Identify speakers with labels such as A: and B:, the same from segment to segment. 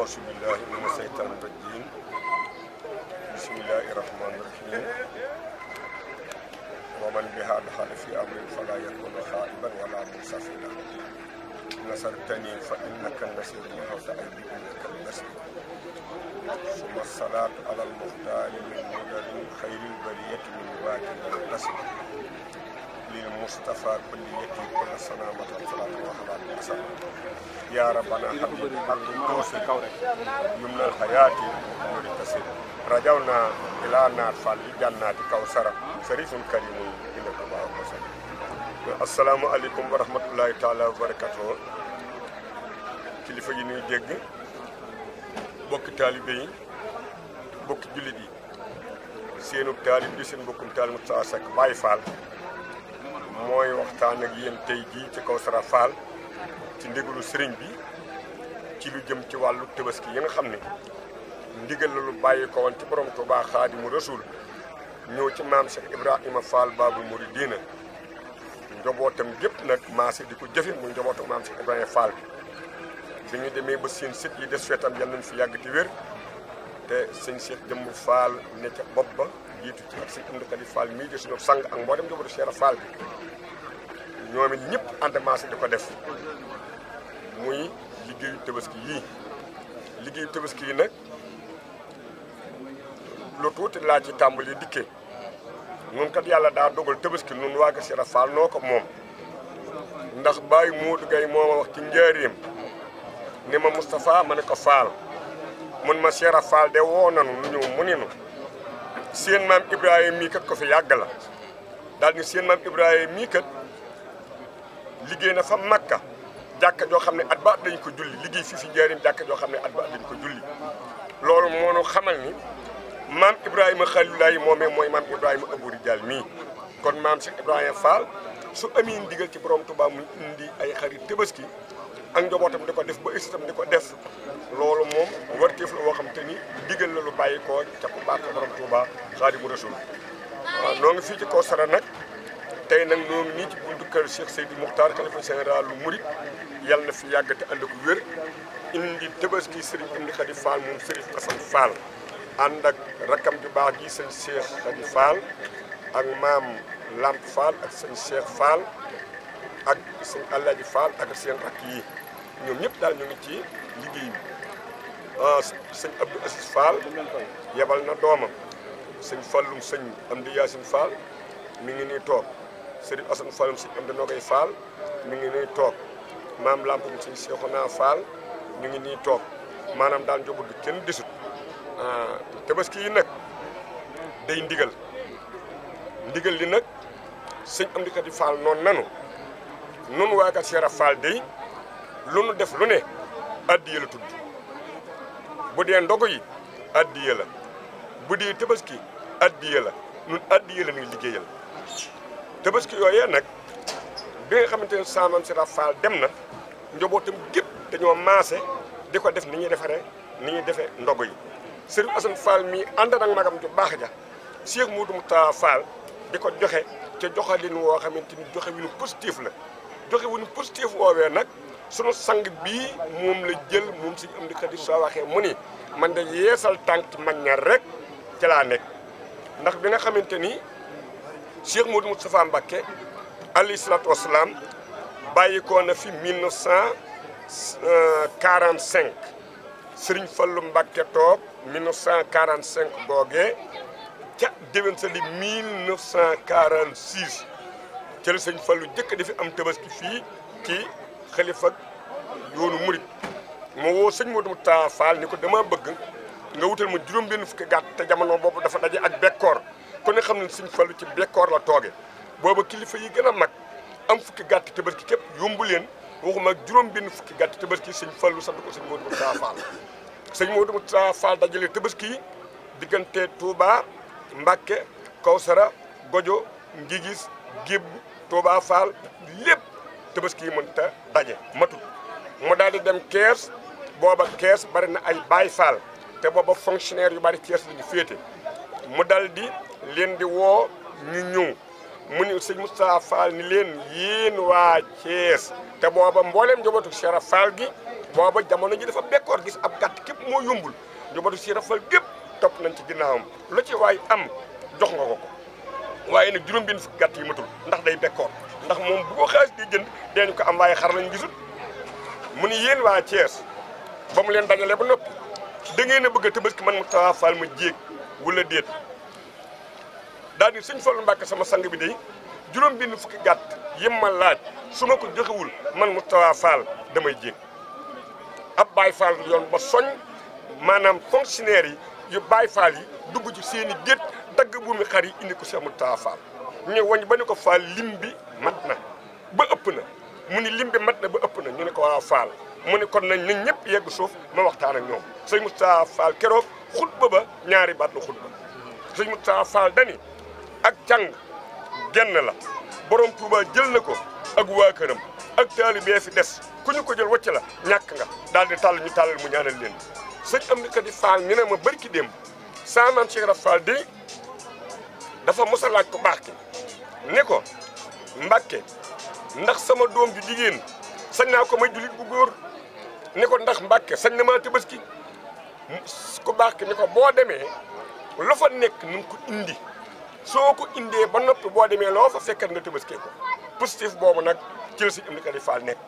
A: أعوذ بالله من الشيطان الرجيم بسم الله الرحمن الرحيم ومن بها الحال في أمر فلا يكون خائبا ولا منصفلا نصرتني فإنك النصير منه أيدي إنك النصير ثم الصلاة على المختار من مدر خير البرية من واجب النصر المصطفى كليتي كل سنة وأنت وحدك أسلم يا ربنا حبيب حق كوسك يمنى الحياة نور التسير رجعنا إلى نار فالجنة كوثر شريف كريم إنك الله وسلم السلام عليكم ورحمة الله تعالى وبركاته kilifa yi ñuy dégg bokki taalibe yi bokki jullit yi seenu taalib di seen bokkum taalib Moustapha Seck Baye Fall mooy waxtaan ak yéen tey jii ci kaw Kawsara Fall ci ndigalu sëriñ bi ci lu jëm ci wàllu tabaski yi nga xam ne ndigal la lu bàyyi ko woon ci borom Tuubaa mu Rasuul ñëw ci maam Cheikh Ibrahima Fall Baabul Muridiina njobootam gépp nag maase di ko jëfe muy njobootam maam Cheikh Ibrahima Fall bi ñu demee ba seen sit yi des feetam yal nañ fi yàgg te wér te sëñ Cheikh Jëmb Fall ne ca bopp ba jiitu ci ak sëñ Amdu Kadi Fall mii di suñu sang ak mboolem njabootu Cheikh Fall bi ñoom it ñëpp ànd maase di ko def muy liggéeyu tabaski yii liggéeyu tabaski yi nag lu tuuti laa ci tàmbali dikkee nun kat yàlla daa dogal tabaski nun waa ga Cheikh Fall noo ko moom ndax Baye Modou Gueye moo ma wax ci njaareem ni ma Moustapha ma ne ko Fall mun ma Cheikh Fall de woo nanu nu ñëw mu ninu seen maam Ibrahima mii kat ko fi yàgg la daal ni seen maam Ibrahima mii kat liggéey na fa Makka jàkka joo xam ne at ba at dañ ko julli liggéey fii fi njaarim jàkka joo xam ne at ba at dañ ko julli loolu moo nu xamal ni maam Ibrahima Xalilulaay moomee mooy maam Ibrahima Abou Rijal mii kon maam Cheikh Ibrahima Fall su amee ndigal ci borom Tuubaa muy indi ay xarit Tabaski ak njobotam diko def ba itam diko def lolu mom warteef lo xamanteni xam la lu bayiko ci ko ca baax borom Touba Xaadimu rasul waaw nga fi ci ko sara nak tay nak ngi ni ci buntu keur Cheikh Seydi Moukhtar khalifa general lu murit yalla na fi yagati te ànd ak indi Tabaski Serigne indi Khady Fall moom Serigne Assane Fall ànd ak rakam ju baax gi sëñ Cheikh Khady Fall ak mam Lamp Fall ak sëñ Cheikh Fall ak sëñ Alaaji Fall ak seen rakki ñoom ñëpp daal ñu ngi ci liggéey bi ah, sëñ Abdou Aziz Fall yebal na doomam sëñ falum sëñ Amdi Yaasin Fall mi ngi ni toog sëriñ Assane Fallum sëñ Amdi Nogay Fall mi ngi nii toog maam Lampum sëñ Seexuna Fall mi ngi nii toog maanaam daal njaboot gi kenn desut ah, tabaski yi nag day ndigal ndigal li nag sëñ Amdi Kadi Fall noonu nanu nun waa kat Cheikh Fall day lu nu def lu ne addiya la tudd bu dee ndogu yi addiya la bu dee tabaski addiya la nun addiya la ñuy liggéeyal tabaski yooyee nag bi nga xamante ne saamam si Faal dem na njabootam gépp dañoo maase di ko def ni ñuy defaree ni ñuy defee ndogu yi Serigne Assane Fall mii ànd ak magam ju baax ja Cheikh Moudou Mouta Fall di ko joxe te joxalin woo xamante ni joxe wu ñu positif la joxe wu ñu positif woowee nag. sunu sang bii moom la jël moom suñu am di soo waxee mu ni man de yeesal tànk ci mag ña rek ci laa ndax bi nga xamante ni Cheikh Modou Moustapha Mbacké alayhi salaatu wasalaam bàyyi ko na fi 1945 Serigne Fallou Mbacké toog boogee ca déwén sa li 1946 ca la Serigne Fallou jëkk dafi am tabaski fii ci xalifa yoonu murit moo woo sëñ Modou Moustapha Fall ni ko dama bëgg nga wutal ma juróom benn fukki gàtt te jamono boobu dafa daje ak bekkoor kon ne xam ne sëñ Fallu ci bekkoor la tooge boobu kilifa yi gën a mag am fukki gàtt tabaski képp yombu leen waxuma ak juróom benn fukki gàtt tabaski sëñ Fallu sant ko sëñ Modou Moustapha Fall sëñ moo Moustapha Fall dajale tabaski yi diggante Touba Mbacke Kawsara Gojo Ngigis Gébb Touba Fall lépp tabaski yi mënut a daje matul mu daal di dem kees booba kees bari na ay baay faal te booba fonctionnaire yu bari kees la ñu féete mu dal di leen di woo ñu ñëw mu ni sëñ Moustapha Fall ni leen yéen waa Thiès te booba mbooleem njobatu Cheikh Fall gi booba jamono ji dafa bekkoor gis ab gàtt képp moo yumbul njobatu si Fall gépp topp nañ ci ginnaawam lu ci waaye am jox nga ko ko waaye nag juróom benn fukki gàtt yi matul ndax day bekkoor ndax moom bu ko xaalis di jënd dañu ko am waaye xar nañu gisul mu ni yéen waa Thiès ba mu leen dajalee ba noppi da ngeen a bëgg a tabaski man mu tawa faal ma jéeg wala déet daal di suñ Fallu Mbàkke sama sang bi day juróom benn fukki gàtt yim ma laaj su ma ko joxewul man mu tawa faal damay jéeg ab Baay Faal yoon ba soñ maanaam fonctionnaire yi yu Baay Faal yi dugg ci seeni i gétt dagg buumi xar yi indi ko Cheikh Moustapha Fall ñu wañ ba ni ko Fall lim bi mat na ba ëpp na mu ni lim mat na ba ëpp na ñu ne ko waa Faal mu ni kon nañ nañ ñëpp yegg suuf ma waxtaan ak ñoom sëñ Moustapha Fall keroog xutba ba ñaari baat la xutba sëñ Moustapha Fall dani ak càng genn la borom Touba jël na ko ak waa këram ak taalibee fi des ku ñu ko jël wacc la ñàkk nga daal di tàll ñu tàllal mu ñaanal leen sëñ am kat yi Fall ñu ne ma bërki démb saa maam a Ibra Fall dafa mosa a laaj ko baax ki ko Mbàkke ndax sama doom ju jigéen sañ naa ko may jullit bu góor ne ko ndax Mbàkke sañ na maa tabaski ku baax ki ne ko boo demee lu nekk na ko indi soo ko indee ba noppi boo demee loo fa fekkat nga tabaskee ko positif boobu nag ci la si am na nekk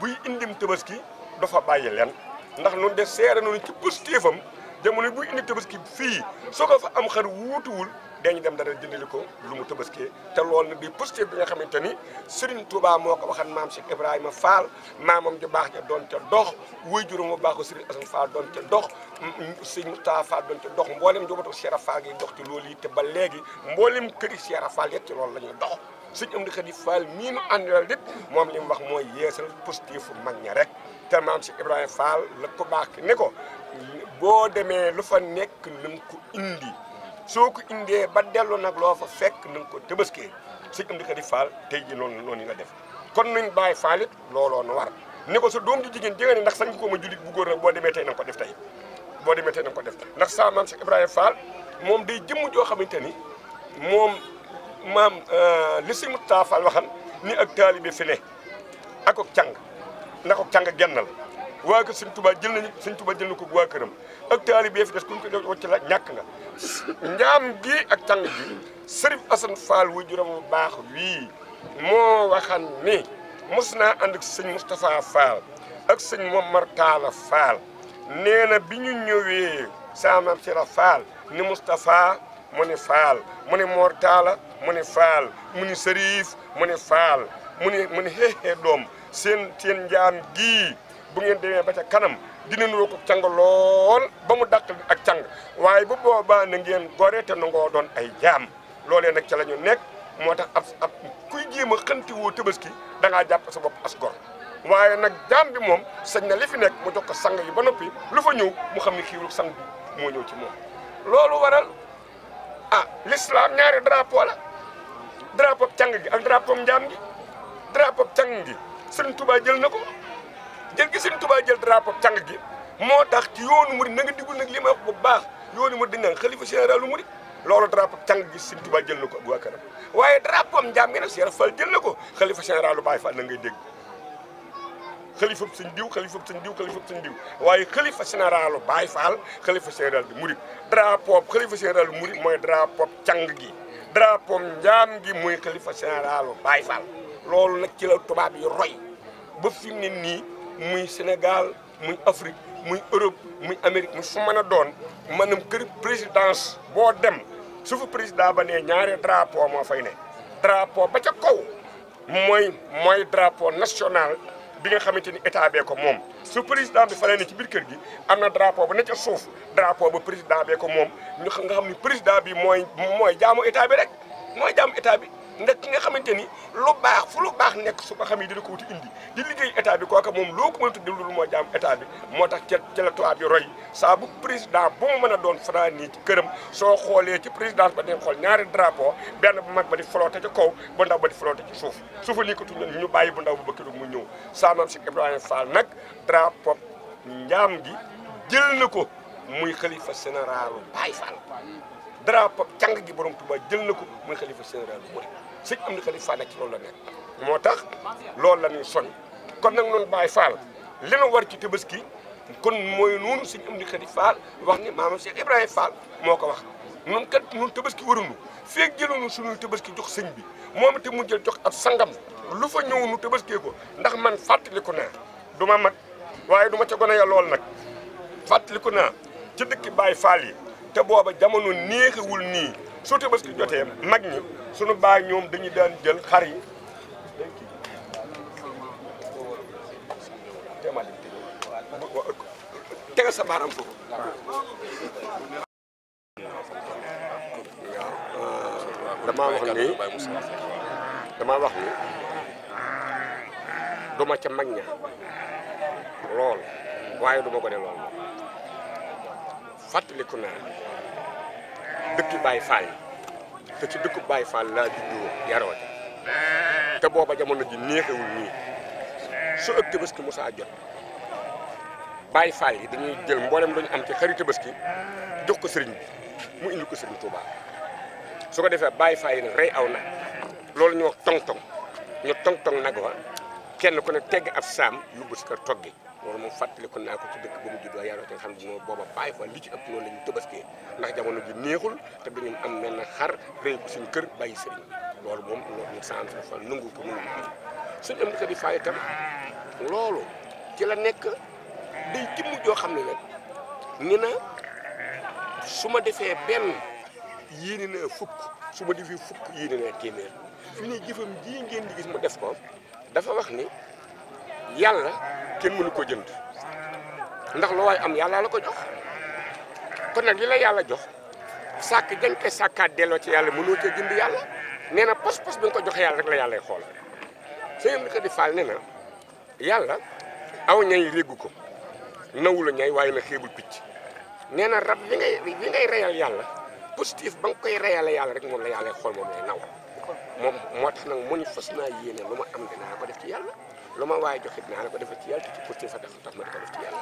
A: buy indi indim tabaski dafa bàyyi leen ndax nun de seere noonu ci positifam jamono buy indi tabaski fii soo ko fa am xar wuutuwul dañu dem dara jëndali ko lu mu tëbaskee te lool nag di posture bi nga xamante ni Serigne Touba moo ko waxan maam Cheikh Ibrahima Fall maamam ju baax ja doon ca dox wuy juróom mu baax ko Serigne Assane Fall doon ca dox Serigne Moustapha Fall doon ca dox mboolem njabootu Cheikh Fall gi dox ci loolu yi te ba léegi mboolem këri Cheikh Fall yëpp ci loolu la ñuy dox suñu am di xëy Fall mii nu àndal it moom li mu wax mooy yeesal positif mag ña rek te maam Cheikh Ibrahima Fall la ko baax ne ko boo demee lu fa nekk na ko indi. soo ko indee ba delloo nag loo fa fekk na ko tëbëskee sëñ am di ko faal tey ji noonu noonu nga def kon nuñ bàyyi faal looloo nu war ni ko sa doom di jigéen jigéen ndax sañ ko ma jullit bu góor nag boo demee tey na nga ko def tey boo demee tey na nga ko def ndax sa maam Cheikh Ibrahima Fall moom day jëmm joo xamante ni moom maam euh, li si Moussa Fall waxan ni ak taalibe fi ne ak ak càng ndax ak càng genn waa kër Sëñ jël nañu Sëñ Tuubaa jël na waa këram ak taalibe bi fi des ku ñu ko def ñàkk nga njaam gi ak tàng gi Sërif Asan Faal wu juróom baax wii moo waxan ni mos naa ànd ak sëñ Moustapha Fall ak sëñ Momar Taala Fall nee na bi ñu ñëwee saamam sira Fall ni Moustapha mu ni Fall mu ni Mor Taala mu ni Fall mu ni Sërif mu ni Fall mu doom seen seen njaam gi bu ngeen deme ba ca kanam canggol nuroo ko cang lool ba mu dàq ak cang waye bu boba na ngeen gore te ngo don ay jam lolé nak ci lañu nek motax ab ab kuy jéem xanti wo tebeski da nga japp sa bop asgor waye nak jam bi mom sañ na li fi nek mu jox sang yi ba nopi lu fa ñew mu xam ni sang bi mo ñew ci mom lolou waral ah l'islam ñaari drapeau la drapeau cang gi ak drapeau jam gi drapeau cang gi serigne touba jël nako jël gi Serigne Touba jël drapeau càng gi muri tax ci yoonu na nga digul nak limay wax bu baax yoonu murid dañ khalifa general général lu drapeau càng gi Serigne Touba jël nako ko akaram waye fal drapeau am khalifah gi Cheikh Fall jël nako khalifa general bay lu Fall na ngay khalifah khalifa sëñ diou khalifah sëñ diou khalifa sëñ diou waye khalifa general lu Fall khalifa general di murid drapeau khalifa general lu moy drapeau càng gi drapeau njaam gi moy khalifa general lu Fall loolu nak ci la tubaab bi roy ba fi ni muy Senegal, muy Afrique muy Europe muy Amérique mu fu mën a doon maanaam kër présidence boo dem su fa président ba nee ñaari drapeau a fay ne drapeau ba ca kaw mooy mooy drapeau national bi nga xamante ni état bee ko moom su président bi falee ne ci biir kër gi am na drapeau ba ne ca suuf drapeau ba président bee ko moom ñu nga xam ni président bi mooy mooy jaamu état bi rek mooy jaamu état bi ndax ki nga xamante ni lu baax fu lu baax nekk su ko xam yi dina ko wuti indi di liggéey état bi kooka moom loo ko mën a tuddee loolu moo jaam état bi moo tax ca ca la yi roy saa bu président bu mu mën a doon Franc nii ci këram soo xoolee ci président ba dañ xool ñaari drapeau benn bu mag ba di flotté ci kaw bu ndaw ba di flotté ci suuf suufa lii ko tuñ ñu bàyyi bu ndaw bu bëkkiru mu ñëw saamam si Ibrahima Fall nag drapeau njaam gi jël na ko muy xalifa généralu Baye Fall drapeau càng gi borom Touba jël na ko muy xalifa général bu Mouride sëñ am na xalifa nag ci loolu la moo tax loolu la ñuy son kon nag noonu Baye Fall li nu war ci Tabaski kon mooy noonu sëñ am na xalifa wax ni maama Cheikh Ibrahima Fall moo ko wax. nun kat nun tabaski waruñu feeg jëloonu suñuy tabaski jox sëñ bi moom itam mu jël jox ab sangam lu fa ñëw nu tabaskee ko ndax man fàttaliku naa du ma mag waaye duma ca gone ya lool nag fàttaliku naa ci dëkk Baay Faal yi te booba jamono neexewul nii su tabaski jotee mag ñi sunu baa ñoom dañu daan jël xar yi tegal sa baaraam foofu wax ni damaa wax ni duma ca mag ña lool waaye duma ko de lool fàttaliku naa dëkki Baye Fall te ci dëkku Baye Fall laa juddoo yaroo te booba jamono ji neexewul nii su ëpp tabaski Moussa jot Baye Fall yi dañuy jël mboolem lu am ci xarit tabaski jox ko sëriñ bi mu indi ko sëriñ Touba su ko defee Baye Fall yi nag rey aw nag loolu ñu wax tong-tong ñu tong nag wa kenn ku ne tegg ab saam yóbbu si kër toggi man fàttaliku naa ko ci dëkk ba mu juddoo yaroo ci xam ne moom booba bàyyi fa li ci ëpp noonu la ñu tëbaskee ndax jamono ji neexul te dañu am mel na xar rëy ko suñu kër bàyyi sëriñ loolu moom loolu sant fa nangu ko nangu ko suñu am di fay ci la nekk day jëmm joo xam ne nag ni na su ma defee benn yéene fukk su ma defee fukk yéene na téeméer fi ne jëfam ji ngeen di gis mu def ko dafa wax ni yàlla kenn mënu ko jënd ndax lu waay am yàlla la ko jox kon nag li la yàlla jox sàkk dañ koy sàkkaat delloo ci yàlla mënoo jënd yàlla nee na pos-pos bi nga ko joxe yàlla rek la yàllay xool sëñ bi ko ne na yàlla aw ñay réggu ko nawu la ñay na xeebul picc nee na rab bi ngay bi ngay reyal yàlla positif ba nga koy reyale yàlla rek moom la yàllay xool moom lay naw moom moo tax nag moo ni fas naa yéene lu ma am dinaa ko def ci yàlla lu ma waaye joxit naa la ko defal ci yàlla te ci pour fa tax ma di ko def ci yàlla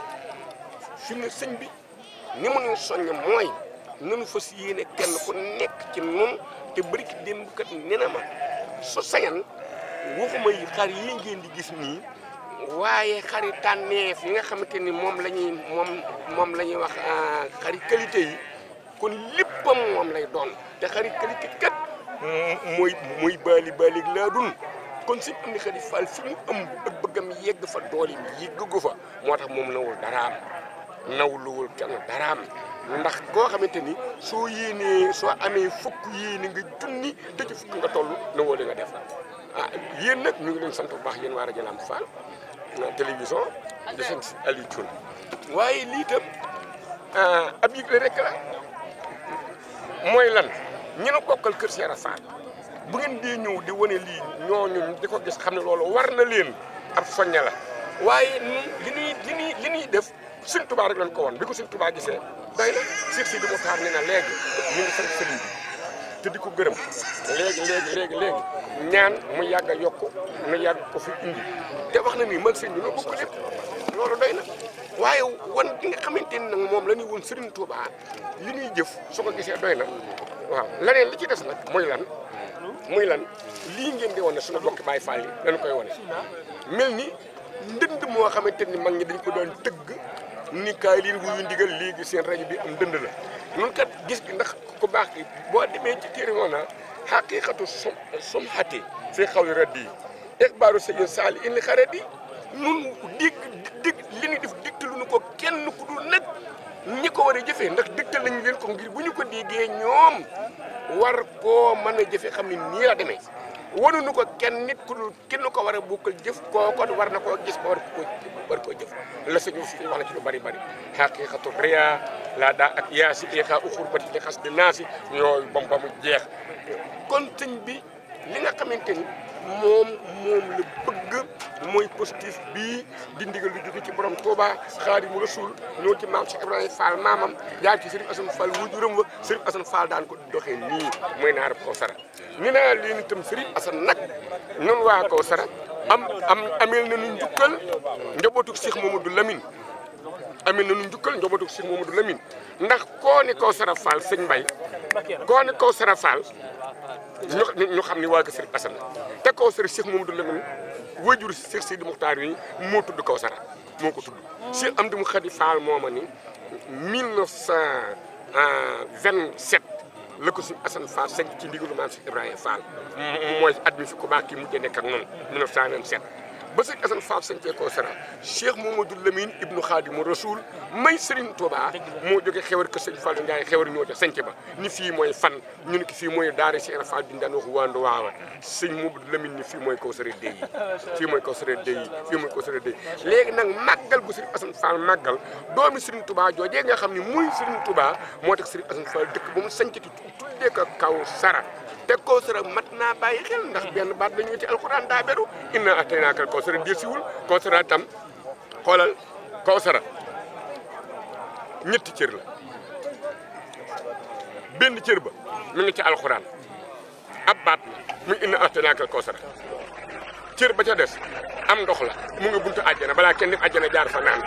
A: fi ne sëñ bi ni mu ñu soññ mooy nanu fas yéene kenn ku nekk ci nun te bëri ki démb kat nee na ma su waxuma yi xar yi ngeen di gis nii waaye xari tànneef yi nga xamante ni moom lañuy moom moom la ñuy wax ah, xari qualité yi kon léppam moom lay doon te xari qualité kat mooy mooy baali laa dun kon si indi xarit Fall fi mu ëmb ak bëggam yegg fa dooleem yeggu fa moo tax moom wul daraam nawluwul kenn daraam ndax koo xamante ni soo yéenee soo amee fukk yéene nga junni dëj fukk nga toll nawoo li nga def ah yéen nag ñu ngi leen sant bu baax yéen waa rajo Lamp Fall télévision di sant Aliou Thioune waaye lii tam ah, ab yëgle rek la mooy lan ñu ne bokkal kër Cheikh Fall bu ngeen dee ñëw di wane lii ñooñu di ko gis xam ne loolu war na leen ab soñña la waaye li ñuy li ñuy li ñuy def suñ tubaa rek lañ ko won bi ko suñ tubaa gisee doy na si bi mu taar ni te di ko gërëm ñaan mu yàgg a yokk ko fi wax na ni mag sëñ bi noo bokk lépp loolu doy waaye wan di nga xamante ni nag moom la ñuy woon sëriñ tubaa li ñuy jëf su ko gisee doy na waaw leneen li ci des nag mooy lan muy lan lii ngeen di wane suñu bokki Baay Faal yi dañu koy wane mel ni ndënd moo xamante ni mag ñi dañ ko doon tëgg ni kaay liin wuyu ndigal gi seen rajo bi am ndënd la nun kat gis gi ndax ku baax gi boo demee ci téere woon na xaqiiqatu som som xati xaw xawli raddi yi ixbaaru sañu saali indi xaret yi nun dégg dégg li ñu def dégg lu ñu ko kenn ku dul nag ñi ko war a jëfee ndax dëgtal nañu leen ko ngir bu ñu ko déggee ñoom war koo man a jëfee xam ne nii la demee wanuñu ko kenn nit ku dul kenn ko war a bukkal jëf kookon war na gis ko war koo war koo jëf la sëñ si wax na ci lu bari bari xaqiqatu riya laa daa ak yaa si eexaa uxurbati li xas di naa si ñooy bam jeex kon sëñ bi li nga xamante ni moom moom la mooy positif bii di ndigal lu jóge ci borom Touba Xaadimu Rasuul ñoo ci maam Cheikh Ibrahima Fall maamam yaa ci Serigne Assane Fall wujuram wa Serigne Assane Fall daan ko doxee nii mooy naaru Kawsara ni naa leen itam Serigne Assane nag noonu waa Kawsara am am ameel nañu njukkal njabootu Cheikh Mamadou Lamine ameel nañu njukkal njabootu Cheikh Mamadou Lamine ndax koo ne Kawsara Fall sëñ Mbaye koo ne Kawsara Fall ñu xam ni waa kër Serigne Assane la te Kawsara Cheikh Mamadou Lamine wajur Cheikh Sidi Moukhtar yi moo tudd Kawsara moo ko tudd Cheikh Amdi Khady Fall mooma ni 1927 la ko suñu Assane Fall sëñ ci ndigalu maam si Ibrahima Fall mm-hmm. mooy at mi fi ko baax kii mujjee nekk ak noonu 1927 بس كأسن فاف سنتي كوسرا شيخ محمد اللمين ابن خادم الرسول ما يسرين توبا موجك خير كسر فالدين جاي خير نوجا سنتي با نفي موي فن نيك في موي داري شيخ فالدين جانو خوان دوا با سين محمد اللمين نفي موي كوسرا دي في موي كوسرا دي في موي كوسرا دي ليك نع مقل بس كأسن فاف مقل دوم يسرين توبا جو جيجا خامني موي يسرين توبا موتك سرين أسن فالدك بوم سنتي تو كوسرا te Kawsara mat naa bàyyi xel ndax benn baat dañu ci alxuraan daa beru inna ataynaaka Kawsara diir siwul Kawsara tam xoolal Kawsara ñetti cër la benn cër ba mu ngi ci alxuraan ab baat la mu ngi inna ataynaaka Kawsara cër ba ca des am ndox la mu ngi buntu àjjana balaa kenn def àjjana jaar fa naan